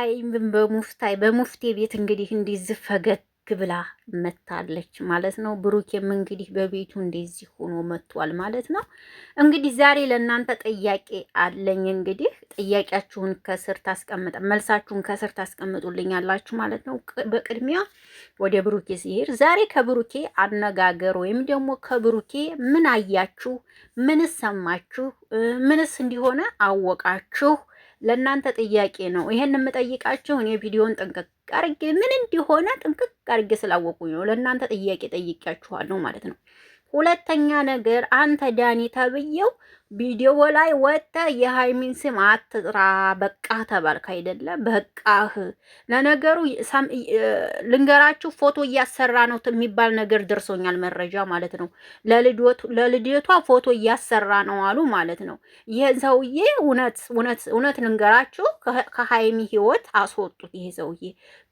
ሀይሚን በሙፍታይ በሙፍቴ ቤት እንግዲህ እንዲህ ፈገግ ብላ መታለች ማለት ነው። ብሩኬም እንግዲህ በቤቱ እንደዚህ ሆኖ መጥቷል ማለት ነው። እንግዲህ ዛሬ ለእናንተ ጥያቄ አለኝ። እንግዲህ ጥያቄያችሁን ከስር ታስቀምጠ መልሳችሁን ከስር ታስቀምጡልኝ አላችሁ ማለት ነው። በቅድሚያ ወደ ብሩኬ ሲሄድ ዛሬ ከብሩኬ አነጋገር ወይም ደግሞ ከብሩኬ ምን አያችሁ? ምንስ ሰማችሁ? ምንስ እንዲሆነ አወቃችሁ ለእናንተ ጥያቄ ነው። ይሄን የምጠይቃችሁ እኔ ቪዲዮን ጥንቅቅ አርጌ ምን እንዲሆነ ጥንቅቅ አርጌ ስላወቁኝ ነው። ለእናንተ ጥያቄ ጠይቂያችኋለሁ ማለት ነው። ሁለተኛ ነገር አንተ ዳኒ ተብዬው ቪዲዮ ላይ ወጥተህ የሃይሚን ስም አትጥራ፣ በቃ ተባልክ አይደለ? በቃህ። ለነገሩ ልንገራችሁ፣ ፎቶ እያሰራ ነው የሚባል ነገር ደርሶኛል፣ መረጃ ማለት ነው። ለልደቷ ፎቶ እያሰራ ነው አሉ ማለት ነው። ይህ ሰውዬ እውነት እውነት እውነት ልንገራችሁ ከሀይሚ ህይወት አስወጡት። ይሄ ሰውዬ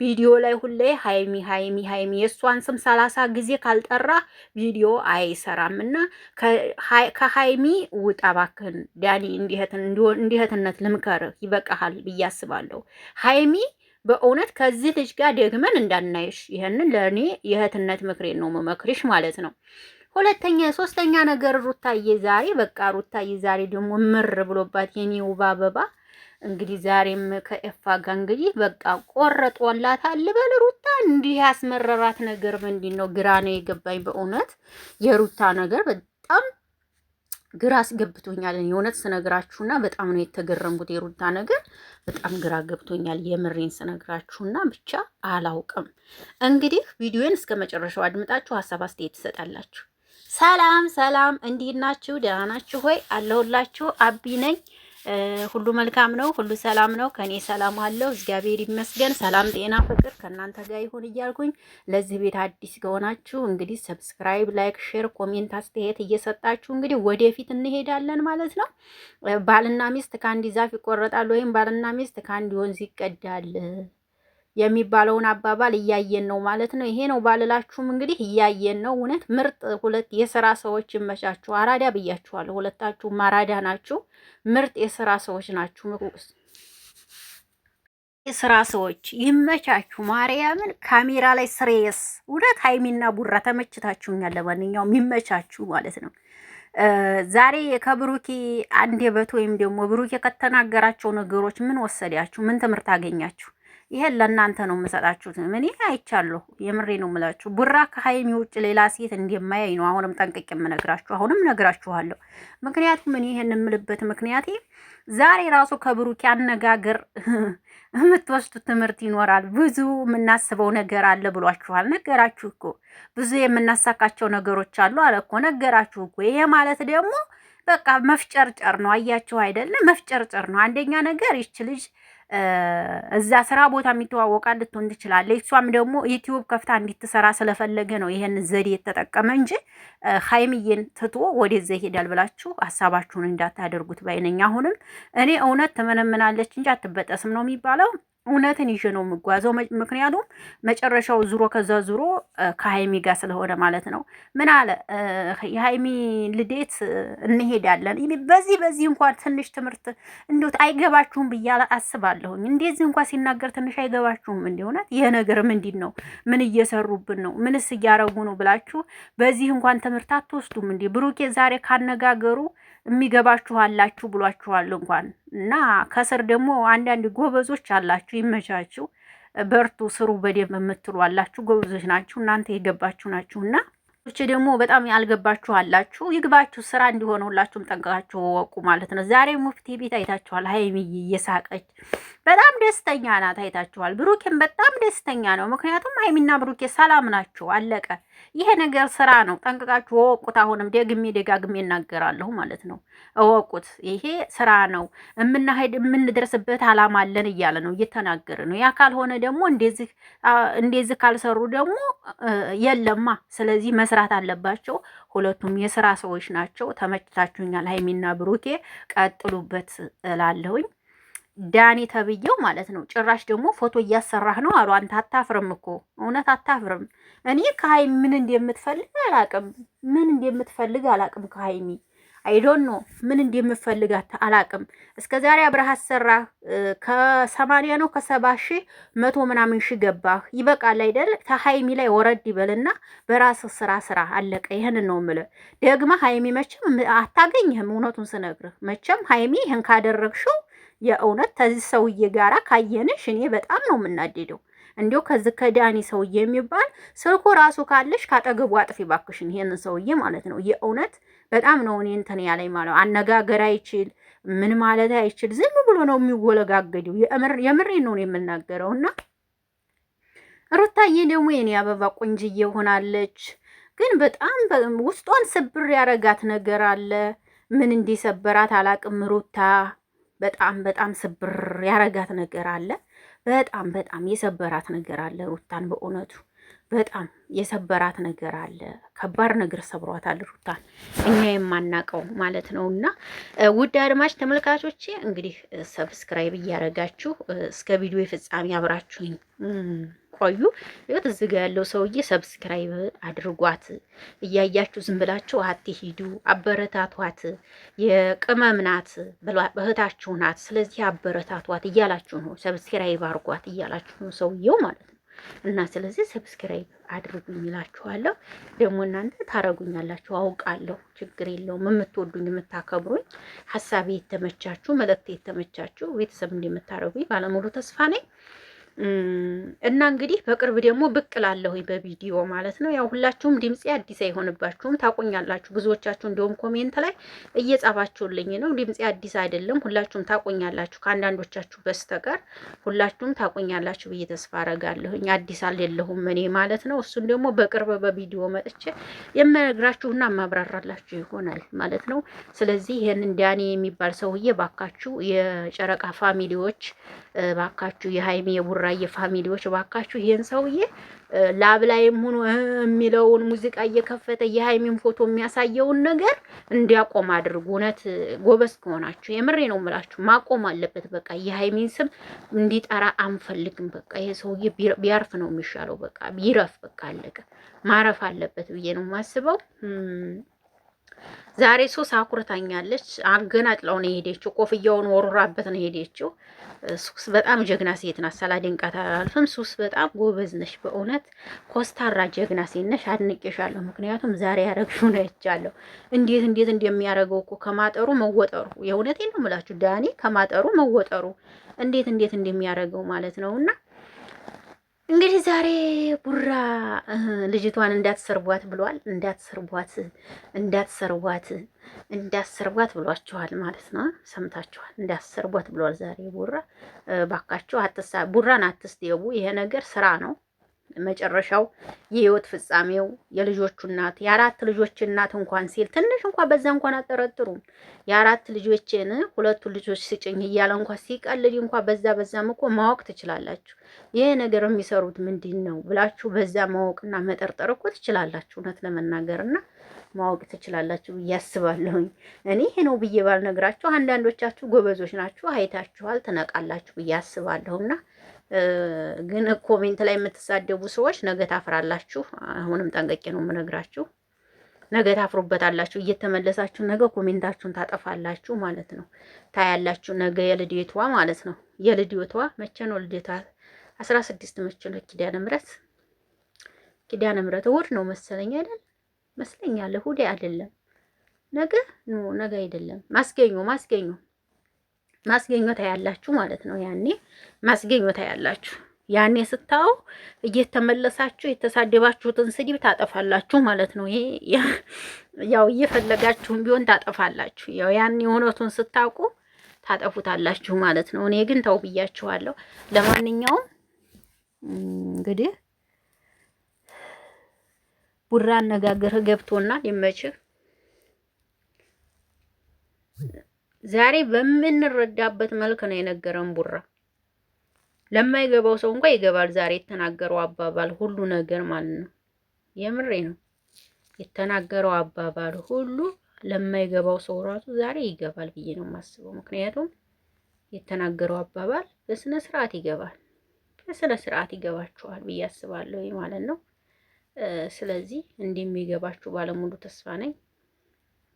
ቪዲዮ ላይ ሁሌ ሀይሚ ሀይሚ ሀይሚ የእሷን ስም ሰላሳ ጊዜ ካልጠራ ቪዲዮ አይሰራም እና ከሀይሚ ውጣ እባክህን ዳኒ፣ እንዲህትነት ልምከርህ ይበቃሃል ብዬ አስባለሁ። ሀይሚ በእውነት ከዚህ ልጅ ጋር ደግመን እንዳናይሽ። ይህንን ለእኔ የእህትነት ምክሬን ነው መመክርሽ ማለት ነው። ሁለተኛ ሶስተኛ ነገር ሩታዬ ዛሬ በቃ ሩታዬ ዛሬ ደግሞ ምር ብሎባት የኔ ውብ አበባ እንግዲህ ዛሬም ከኤፋ ጋር እንግዲህ በቃ ቆረጦላት አልበል። ሩታ እንዲህ ያስመረራት ነገር ምንድን ነው? ግራ ነው የገባኝ በእውነት የሩታ ነገር በጣም ግራ አስገብቶኛል። የእውነት ስነግራችሁና በጣም ነው የተገረምኩት። የሩታ ነገር በጣም ግራ ገብቶኛል። የምሬን ስነግራችሁና ብቻ አላውቅም። እንግዲህ ቪዲዮን እስከ መጨረሻው አድምጣችሁ ሀሳብ አስተያየት ትሰጣላችሁ። ሰላም ሰላም፣ እንዴት ናችሁ? ደህና ናችሁ ሆይ? አለሁላችሁ። አቢ ነኝ። ሁሉ መልካም ነው፣ ሁሉ ሰላም ነው። ከኔ ሰላም አለው እግዚአብሔር ይመስገን። ሰላም፣ ጤና፣ ፍቅር ከእናንተ ጋር ይሁን እያልኩኝ ለዚህ ቤት አዲስ ከሆናችሁ እንግዲህ ሰብስክራይብ፣ ላይክ፣ ሼር፣ ኮሜንት አስተያየት እየሰጣችሁ እንግዲህ ወደፊት እንሄዳለን ማለት ነው። ባልና ሚስት ከአንድ ዛፍ ይቆረጣል ወይም ባልና ሚስት ከአንድ ወንዝ ይቀዳል የሚባለውን አባባል እያየን ነው ማለት ነው። ይሄ ነው ባልላችሁም እንግዲህ እያየን ነው። እውነት ምርጥ ሁለት የስራ ሰዎች ይመቻችሁ። አራዳ ብያችኋለሁ። ሁለታችሁም አራዳ ናችሁ። ምርጥ የስራ ሰዎች ናችሁ። የስራ ሰዎች ይመቻችሁ። ማርያምን ካሜራ ላይ ስሬስ እውነት ሀይሚና ቡራ ተመችታችሁኛል። ለማንኛውም ይመቻችሁ ማለት ነው። ዛሬ ከብሩኬ በት ወይም ደግሞ ብሩኬ ከተናገራቸው ነገሮች ምን ወሰዳችሁ? ምን ትምህርት አገኛችሁ? ይሄን ለእናንተ ነው የምሰጣችሁት። እኔ አይቻለሁ፣ የምሬ ነው የምላችሁ። ቡራ ከሀይሚ ውጭ ሌላ ሴት እንደማያይ ነው አሁንም ጠንቅቄ የምነግራችሁ፣ አሁንም ነግራችኋለሁ። ምክንያቱም እኔ ይሄን የምልበት ምክንያት ዛሬ ራሱ ከብሩክ አነጋገር የምትወስዱት ትምህርት ይኖራል። ብዙ የምናስበው ነገር አለ ብሏችኋል። ነገራችሁ እኮ ብዙ የምናሳካቸው ነገሮች አሉ አለ እኮ ነገራችሁ እኮ። ይሄ ማለት ደግሞ በቃ መፍጨርጨር ነው። አያችሁ አይደለም? መፍጨርጨር ነው። አንደኛ ነገር ይች ልጅ እዛ ስራ ቦታ የሚተዋወቃ ልትሆን ትችላለች። እሷም ደግሞ ዩቲዩብ ከፍታ እንዲትሰራ ስለፈለገ ነው ይሄን ዘዴ የተጠቀመ እንጂ ሀይምዬን ትቶ ወደዛ ይሄዳል ብላችሁ ሀሳባችሁን እንዳታደርጉት ባይነኝ። አሁንም እኔ እውነት ትመነምናለች እንጂ አትበጠስም ነው የሚባለው። እውነትን ይዤ ነው የምጓዘው። ምክንያቱም መጨረሻው ዙሮ ከዛ ዙሮ ከሀይሚ ጋር ስለሆነ ማለት ነው። ምን አለ የሀይሚ ልዴት እንሄዳለን። በዚህ በዚህ እንኳን ትንሽ ትምህርት እንዴት አይገባችሁም ብያለ አስባለሁኝ። እንደዚህ እንኳን ሲናገር ትንሽ አይገባችሁም እንዲሆነት ይህ ነገር ምንድን ነው? ምን እየሰሩብን ነው? ምንስ እያረጉ ነው ብላችሁ በዚህ እንኳን ትምህርት አትወስዱም እንዲ ብሩኬ ዛሬ ካነጋገሩ የሚገባችኋላችሁ ብሏችኋል እንኳን እና ከስር ደግሞ አንዳንድ ጎበዞች አላችሁ፣ ይመቻችሁ፣ በርቱ፣ ስሩ በደንብ የምትሉ አላችሁ። ጎበዞች ናችሁ እናንተ የገባችሁ ናችሁ እና ች ደግሞ በጣም ያልገባችሁ አላችሁ። ይግባችሁ፣ ስራ እንዲሆነ ሁላችሁም ጠንቅቃችሁ ወቁ ማለት ነው። ዛሬ ሙፍቲ ቤት አይታችኋል፣ ሀይሚዬ እየሳቀች በጣም ደስተኛ ናት። አይታችኋል። ብሩኬም በጣም ደስተኛ ነው። ምክንያቱም ሀይሚና ብሩኬ ሰላም ናቸው። አለቀ። ይሄ ነገር ስራ ነው። ጠንቅቃችሁ እወቁት። አሁንም ደግሜ ደጋግሜ እናገራለሁ ማለት ነው። እወቁት። ይሄ ስራ ነው። የምናሄድ የምንደርስበት አላማ አለን እያለ ነው እየተናገረ ነው። ያ ካልሆነ ደግሞ እንደዚህ እንደዚህ ካልሰሩ ደግሞ የለማ። ስለዚህ መስራት አለባቸው። ሁለቱም የስራ ሰዎች ናቸው። ተመችታችሁኛል ሀይሚና ብሩኬ ቀጥሉበት እላለሁኝ። ዳኒ ተብዬው ማለት ነው። ጭራሽ ደግሞ ፎቶ እያሰራህ ነው አሉ። አንተ አታፍርም እኮ እውነት አታፍርም። እኔ ከሀይሚ ምን እንደምትፈልግ አላቅም፣ ምን እንደምትፈልግ አላቅም። ከሀይሚ አይዶን ነው ምን እንደምትፈልግ አላቅም። እስከ ዛሬ አብረህ አሰራህ፣ ከሰማንያ ነው ከሰባ ሺ መቶ ምናምን ሺ ገባህ። ይበቃል አይደል? ከሀይሚ ላይ ወረድ ይበልና በራስ ስራ ስራ። አለቀ። ይህን ነው የምልህ። ደግመ ሀይሚ መቼም አታገኝህም። እውነቱን ስነግርህ መቼም ሀይሚ ይህን ካደረግሽው የእውነት ከዚህ ሰውዬ ጋራ ካየንሽ እኔ በጣም ነው የምናደደው። እንዲሁ ከዚህ ከዳኒ ሰውዬ የሚባል ስልኩ ራሱ ካለሽ ካጠገቡ አጥፊ ባክሽን፣ ይሄንን ሰውዬ ማለት ነው። የእውነት በጣም ነው እኔ እንትን ያለኝ ማለት አነጋገር አይችል ምን ማለት አይችል፣ ዝም ብሎ ነው የሚወለጋገደው። የምሬ ነው የምናገረው እና ሩታዬ ደግሞ የኔ አበባ ቆንጅዬ ሆናለች። ግን በጣም ውስጧን ስብር ያረጋት ነገር አለ። ምን እንዲሰበራት አላቅም ሩታ በጣም በጣም ስብር ያረጋት ነገር አለ። በጣም በጣም የሰበራት ነገር አለ ሩታን በእውነቱ በጣም የሰበራት ነገር አለ። ከባድ ነገር ሰብሯታል ሩታን እኛ የማናቀው ማለት ነው። እና ውድ አድማጭ ተመልካቾቼ እንግዲህ ሰብስክራይብ እያደረጋችሁ እስከ ቪዲዮ የፍጻሜ አብራችሁኝ ቆዩ። ይኸው እዚህ ጋ ያለው ሰውዬ ሰብስክራይብ አድርጓት፣ እያያችሁ ዝም ብላችሁ አትሂዱ፣ አበረታቷት። የቅመም ናት እህታችሁ ናት፣ ስለዚህ አበረታቷት እያላችሁ ነው። ሰብስክራይብ አድርጓት እያላችሁ ነው ሰውየው ማለት ነው። እና ስለዚህ ሰብስክራይብ አድርጉኝ ይላችኋለሁ። ደግሞ እናንተ ታረጉኛላችሁ አውቃለሁ፣ ችግር የለውም። የምትወዱኝ የምታከብሩኝ፣ ሀሳቤ የተመቻችሁ መልእክት የተመቻችሁ ቤተሰብ እንደምታረጉኝ ባለሙሉ ተስፋ ነኝ። እና እንግዲህ በቅርብ ደግሞ ብቅ ላለሁኝ በቪዲዮ ማለት ነው። ያው ሁላችሁም ድምፄ አዲስ አይሆንባችሁም ታቆኛላችሁ። ብዙዎቻችሁ እንደውም ኮሜንት ላይ እየጻፋችሁልኝ ነው ድምፄ አዲስ አይደለም፣ ሁላችሁም ታቆኛላችሁ፣ ከአንዳንዶቻችሁ በስተቀር ሁላችሁም ታቆኛላችሁ ብዬ ተስፋ አረጋለሁኝ። አዲስ አልየለሁም እኔ ማለት ነው። እሱን ደግሞ በቅርብ በቪዲዮ መጥቼ የምነግራችሁና ማብራራላችሁ ይሆናል ማለት ነው። ስለዚህ ይህንን ዳኒ የሚባል ሰውዬ ባካችሁ፣ የጨረቃ ፋሚሊዎች ባካችሁ፣ የሀይሜ የቡራ የቡራዬ ፋሚሊዎች ባካችሁ ይሄን ሰውዬ ላብ ላይም ሆኖ የሚለውን ሙዚቃ እየከፈተ የሀይሚን ፎቶ የሚያሳየውን ነገር እንዲያቆም አድርጉ። እውነት ጎበዝ ከሆናችሁ የምሬ ነው የምላችሁ፣ ማቆም አለበት። በቃ የሀይሚን ስም እንዲጠራ አንፈልግም። በቃ ይሄ ሰውዬ ቢያርፍ ነው የሚሻለው። በቃ ቢረፍ፣ በቃ አለቀ። ማረፍ አለበት ብዬ ነው የማስበው። ዛሬ ሶስት አኩርታኛለች። አገናጥለው ነው የሄደችው። ቆፍያውን ወሩራበት ነው የሄደችው። ሱስ በጣም ጀግና ሴት ናት። ሳላደንቃት አላልፍም። ሱስ በጣም ጎበዝ ነሽ። በእውነት ኮስታራ ጀግና ሴት ነሽ። አድንቄሻለሁ። ምክንያቱም ዛሬ ያረግሽው ነው አይቻለሁ። እንዴት እንዴት እንደሚያረገው እኮ ከማጠሩ መወጠሩ፣ የእውነቴን ነው የምላችሁ ዳኒ ከማጠሩ መወጠሩ እንዴት እንዴት እንደሚያረገው ማለት ነውና እንግዲህ ዛሬ ቡራ ልጅቷን እንዳትሰርቧት ብሏል። እንዳትሰርቧት እንዳትሰርቧት እንዳትሰርቧት ብሏችኋል ማለት ነው። ሰምታችኋል። እንዳትሰርቧት ብሏል ዛሬ ቡራ። ባካችሁ አትሳ ቡራን አትስደቡ። ይሄ ነገር ስራ ነው። መጨረሻው የህይወት ፍጻሜው የልጆቹ እናት የአራት ልጆች እናት እንኳን ሲል ትንሽ እንኳን በዛ እንኳን አጠረጥሩም። የአራት ልጆችን ሁለቱ ልጆች ስጭኝ እያለ እንኳን ሲቀልድ እንኳ በዛ በዛም እኮ ማወቅ ትችላላችሁ። ይህ ነገር የሚሰሩት ምንድን ነው ብላችሁ በዛ ማወቅና መጠርጠር እኮ ትችላላችሁ። እውነት ለመናገር እና ማወቅ ትችላላችሁ ብዬ አስባለሁኝ። እኔ ይሄ ነው ብዬ ባልነግራችሁ አንዳንዶቻችሁ ጎበዞች ናችሁ፣ አይታችኋል፣ ትነቃላችሁ ብዬ አስባለሁና ግን ኮሜንት ላይ የምትሳደቡ ሰዎች ነገ ታፍራላችሁ። አሁንም ጠንቀቄ ነው የምነግራችሁ። ነገ ታፍሩበታላችሁ። እየተመለሳችሁ ነገ ኮሜንታችሁን ታጠፋላችሁ ማለት ነው። ታያላችሁ። ነገ የልዴቷ ማለት ነው። የልዴቷ መቼ ነው ልዴቷ? አስራ ስድስት መቼ ነው? ኪዳነ ምሕረት ኪዳነ ምሕረት እሑድ ነው መሰለኝ አይደል? መስለኛል። እሑድ አይደለም ነገ ነገ አይደለም ማስገኙ ማስገኙ ማስገኘታ ያላችሁ ማለት ነው። ያኔ ማስገኘታ ያላችሁ ያኔ ስታው እየተመለሳችሁ የተሳደባችሁትን ስድብ ታጠፋላችሁ ማለት ነው። ያው እየፈለጋችሁም ቢሆን ታጠፋላችሁ። ያው ያኔ እውነቱን ስታውቁ ታጠፉታላችሁ ማለት ነው። እኔ ግን ተው ብያችኋለሁ። ለማንኛውም እንግዲህ ቡራ አነጋገርህ ገብቶናል። ይመችህ። ዛሬ በምንረዳበት መልክ ነው የነገረን ቡራ። ለማይገባው ሰው እንኳን ይገባል ዛሬ የተናገረው አባባል ሁሉ ነገር ማለት ነው። የምሬ ነው። የተናገረው አባባል ሁሉ ለማይገባው ሰው ራሱ ዛሬ ይገባል ብዬ ነው የማስበው። ምክንያቱም የተናገረው አባባል በስነ ስርዓት ይገባል፣ በስነ ስርዓት ይገባችኋል ብዬ አስባለሁ ማለት ነው። ስለዚህ እንደሚገባችሁ ባለሙሉ ተስፋ ነኝ።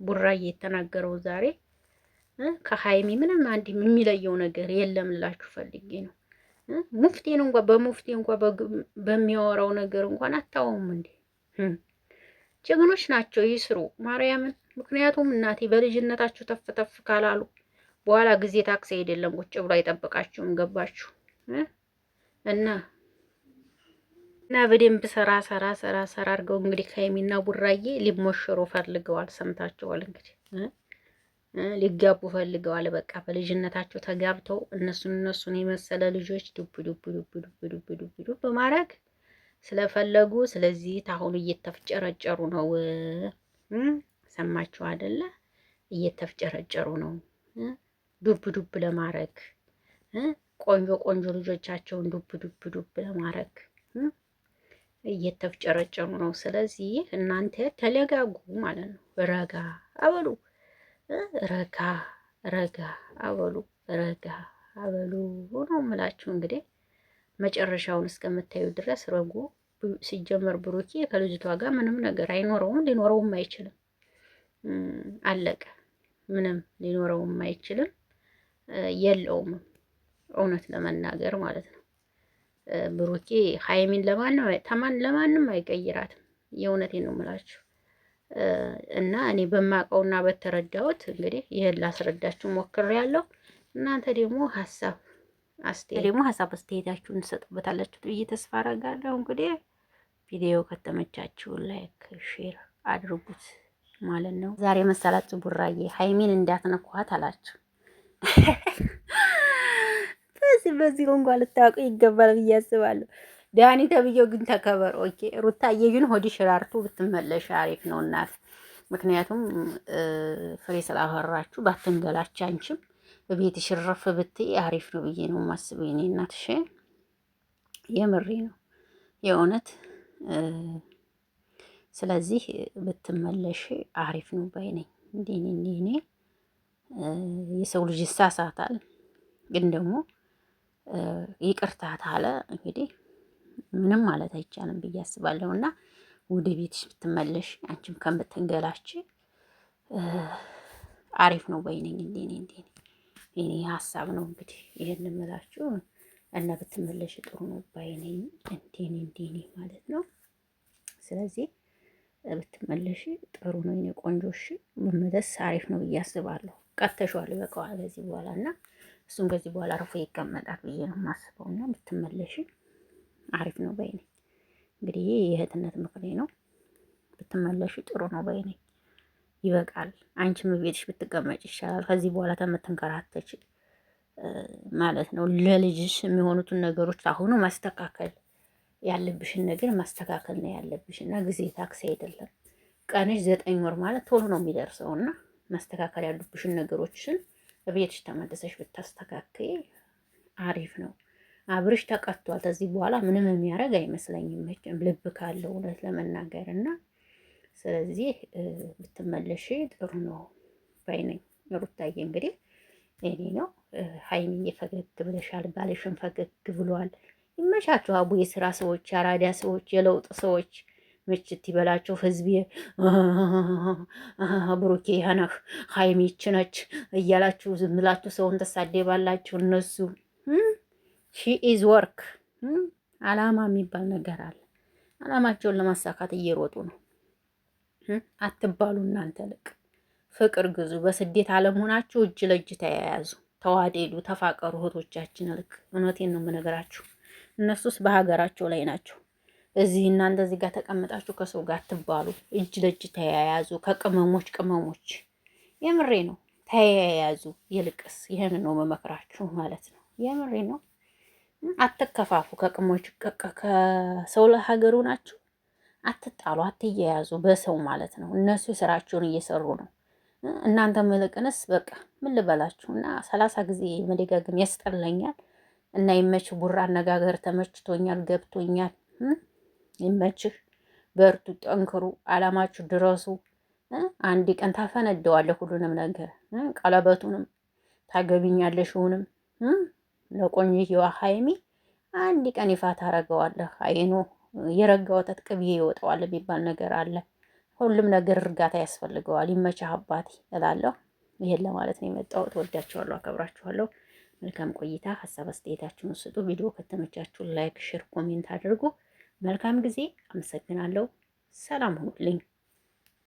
ቡራዬ የተናገረው ዛሬ ከሀይሜ ምንም አንድ የሚለየው ነገር የለም ላችሁ ፈልጌ ነው። ሙፍቴን እንኳ በሙፍቴ እንኳ በሚያወራው ነገር እንኳን አታወም እንዴ! ጀግኖች ናቸው ይስሩ ማርያምን። ምክንያቱም እናቴ በልጅነታችሁ ተፍ ተፍ ካላሉ በኋላ ጊዜ ታክሲ አይደለም ቁጭ ብሎ አይጠብቃችሁም። ገባችሁ እና እና በደንብ ሰራ ሰራ ሰራ ሰራ አድርገው እንግዲህ ከሀይሚና ቡራዬ ሊሞሽሩ ፈልገዋል። ሰምታችኋል እንግዲህ ሊጋቡ ፈልገዋል። በቃ በልጅነታቸው ተጋብተው እነሱን እነሱን የመሰለ ልጆች ዱብ ዱብ ዱብ ዱብ ዱብ ዱብ በማድረግ ስለፈለጉ ስለዚህ ታሁኑ እየተፍጨረጨሩ ነው። ሰማችሁ አደለ እየተፍጨረጨሩ ነው ዱብ ዱብ ለማድረግ ቆንጆ ቆንጆ ልጆቻቸውን ዱብ ዱብ ዱብ ለማድረግ እየተፍጨረጨሩ ነው። ስለዚህ እናንተ ተለጋጉ ማለት ነው። ረጋ አበሉ። ረጋ ረጋ አበሉ ረጋ አበሉ ነው ምላችሁ። እንግዲህ መጨረሻውን እስከምታዩ ድረስ ረጉ። ሲጀመር ብሩኬ ከልጅቷ ጋር ምንም ነገር አይኖረውም፣ ሊኖረውም አይችልም። አለቀ። ምንም ሊኖረውም አይችልም፣ የለውም። እውነት ለመናገር ማለት ነው። ብሩኬ ሀይሚን ለማንም ለማንም አይቀይራትም። የእውነቴን ነው ምላችሁ? እና እኔ በማውቀውና በተረዳሁት እንግዲህ ይህን ላስረዳችሁ ሞክሬያለሁ። እናንተ ደግሞ ሀሳብ አስተያየት ደግሞ ሀሳብ አስተያየታችሁን እንሰጡበታላችሁ ብዬ ተስፋ አደርጋለሁ። እንግዲህ ቪዲዮ ከተመቻችሁ ላይክ፣ ሼር አድርጉት ማለት ነው። ዛሬ መሰላችሁ ቡራዬ ሀይሚን እንዳትነኳት አላችሁ። በዚህ በዚህ እንኳን ልታውቁ ይገባል ብዬ አስባለሁ። ዳኒ ተብዬው ግን ተከበር። ኦኬ ሩታዬ ግን ሆድሽ ራርቶ ብትመለሽ አሪፍ ነው እናት። ምክንያቱም ፍሬ ስላፈራችሁ ባትንገላች፣ አንቺም በቤትሽ ሽረፍ ብትይ አሪፍ ነው ብዬ ነው ማስብ። የእኔ እናት። እሺ የምሬ ነው የእውነት። ስለዚህ ብትመለሽ አሪፍ ነው ባይ ነኝ። እንዲኔ እንዲኔ የሰው ልጅ ይሳሳታል፣ ግን ደግሞ ይቅርታታለ እንግዲህ ምንም ማለት አይቻልም ብዬ አስባለሁ። እና ወደ ቤትሽ ብትመለሽ አንቺም ከምትንገላች አሪፍ ነው እንዴ እንዴኔ እንዴ እኔ ሀሳብ ነው እንግዲህ ይህን ምላችሁ እና ብትመለሽ ጥሩ ነው ባይነኝ። እንዴ እንዴኔ ማለት ነው። ስለዚህ ብትመለሽ ጥሩ ነው የኔ ቆንጆሽ፣ መመለስ አሪፍ ነው ብዬ አስባለሁ። ቀተሸዋል ይበቃዋል ከዚህ በኋላ እና እሱም ከዚህ በኋላ አርፎ ይቀመጣል ብዬ ነው የማስበው እና ብትመለሽ አሪፍ ነው በይ ነኝ። እንግዲህ የእህትነት ምክሬ ነው። ብትመለሽ ጥሩ ነው በይ ነኝ። ይበቃል። አንቺም ቤትሽ ብትቀመጭ ይሻላል ከዚህ በኋላ ከምትንከራተች ማለት ነው። ለልጅሽ የሚሆኑትን ነገሮች አሁኑ ማስተካከል ያለብሽን ነገር ማስተካከል ነው ያለብሽ እና ጊዜ ታክሲ አይደለም። ቀንሽ ዘጠኝ ወር ማለት ቶሎ ነው የሚደርሰው እና ማስተካከል ያሉብሽን ነገሮችን ቤትሽ ተመልሰሽ ብታስተካከይ አሪፍ ነው። አብርሽ ተቀጥቷል። ከዚህ በኋላ ምንም የሚያደርግ አይመስለኝም መቼም ልብ ካለው እውነት ለመናገር እና ስለዚህ ብትመለሽ ጥሩ ነው ባይነኝ። ሩታዬ እንግዲህ እኔ ነው ሀይሚዬ፣ ፈገግ ብለሻል፣ ባልሽን ፈገግ ብሏል። ይመቻችሁ አቡ፣ የስራ ሰዎች፣ የአራዳ ሰዎች፣ የለውጥ ሰዎች ምችት ይበላቸው። ህዝቤ ብሩኬ ያነህ ሀይሚች ነች እያላችሁ ዝምላችሁ ሰውን ተሳደባላችሁ እነሱ ሺ ኢዝ ወርክ አላማ የሚባል ነገር አለ። አላማቸውን ለማሳካት እየሮጡ ነው። አትባሉ እናንተ ልቅ ፍቅር ግዙ። በስደት ዓለም ሆናችሁ እጅ ለእጅ ተያያዙ፣ ተዋደዱ፣ ተፋቀሩ። እህቶቻችን ልክ እውነቴን ነው የምነግራችሁ። እነሱስ በሀገራቸው ላይ ናቸው። እዚህ እናንተ እዚህ ጋር ተቀምጣችሁ ከሰው ጋር አትባሉ፣ እጅ ለእጅ ተያያዙ። ከቅመሞች ቅመሞች የምሬ ነው ተያያዙ። ይልቅስ ይህን ነው መመክራችሁ ማለት ነው። የምሬ ነው። አትከፋፉ። ከቅሞች ከሰው ለሀገሩ ናችሁ። አትጣሉ፣ አትያያዙ በሰው ማለት ነው። እነሱ የስራቸውን እየሰሩ ነው። እናንተ ምልቅንስ በቃ ምን ልበላችሁ እና ሰላሳ ጊዜ መደጋግም ያስጠላኛል። እና ይመችህ ቡራ፣ አነጋገር ተመችቶኛል፣ ገብቶኛል። ይመችህ፣ በርቱ፣ ጠንክሩ፣ አላማችሁ ድረሱ። አንድ ቀን ታፈነደዋለህ ሁሉንም ነገር፣ ቀለበቱንም ታገቢኛለሽውንም ለቆንጅየዋ ሀይሚ አንድ ቀን ይፋ ታረገዋለህ። አይኑ የረጋ ወተት ቅቤ ይወጣዋል የሚባል ነገር አለ። ሁሉም ነገር እርጋታ ያስፈልገዋል። ይመቻ አባት እላለሁ። ይሄን ለማለት ነው የመጣው። ወዳችኋለሁ፣ አከብራችኋለሁ። መልካም ቆይታ። ሀሳብ አስተያየታችሁን ስጡ። ቪዲዮ ከተመቻችሁ ላይክ፣ ሼር፣ ኮሜንት አድርጉ። መልካም ጊዜ። አመሰግናለሁ። ሰላም ሁኑልኝ።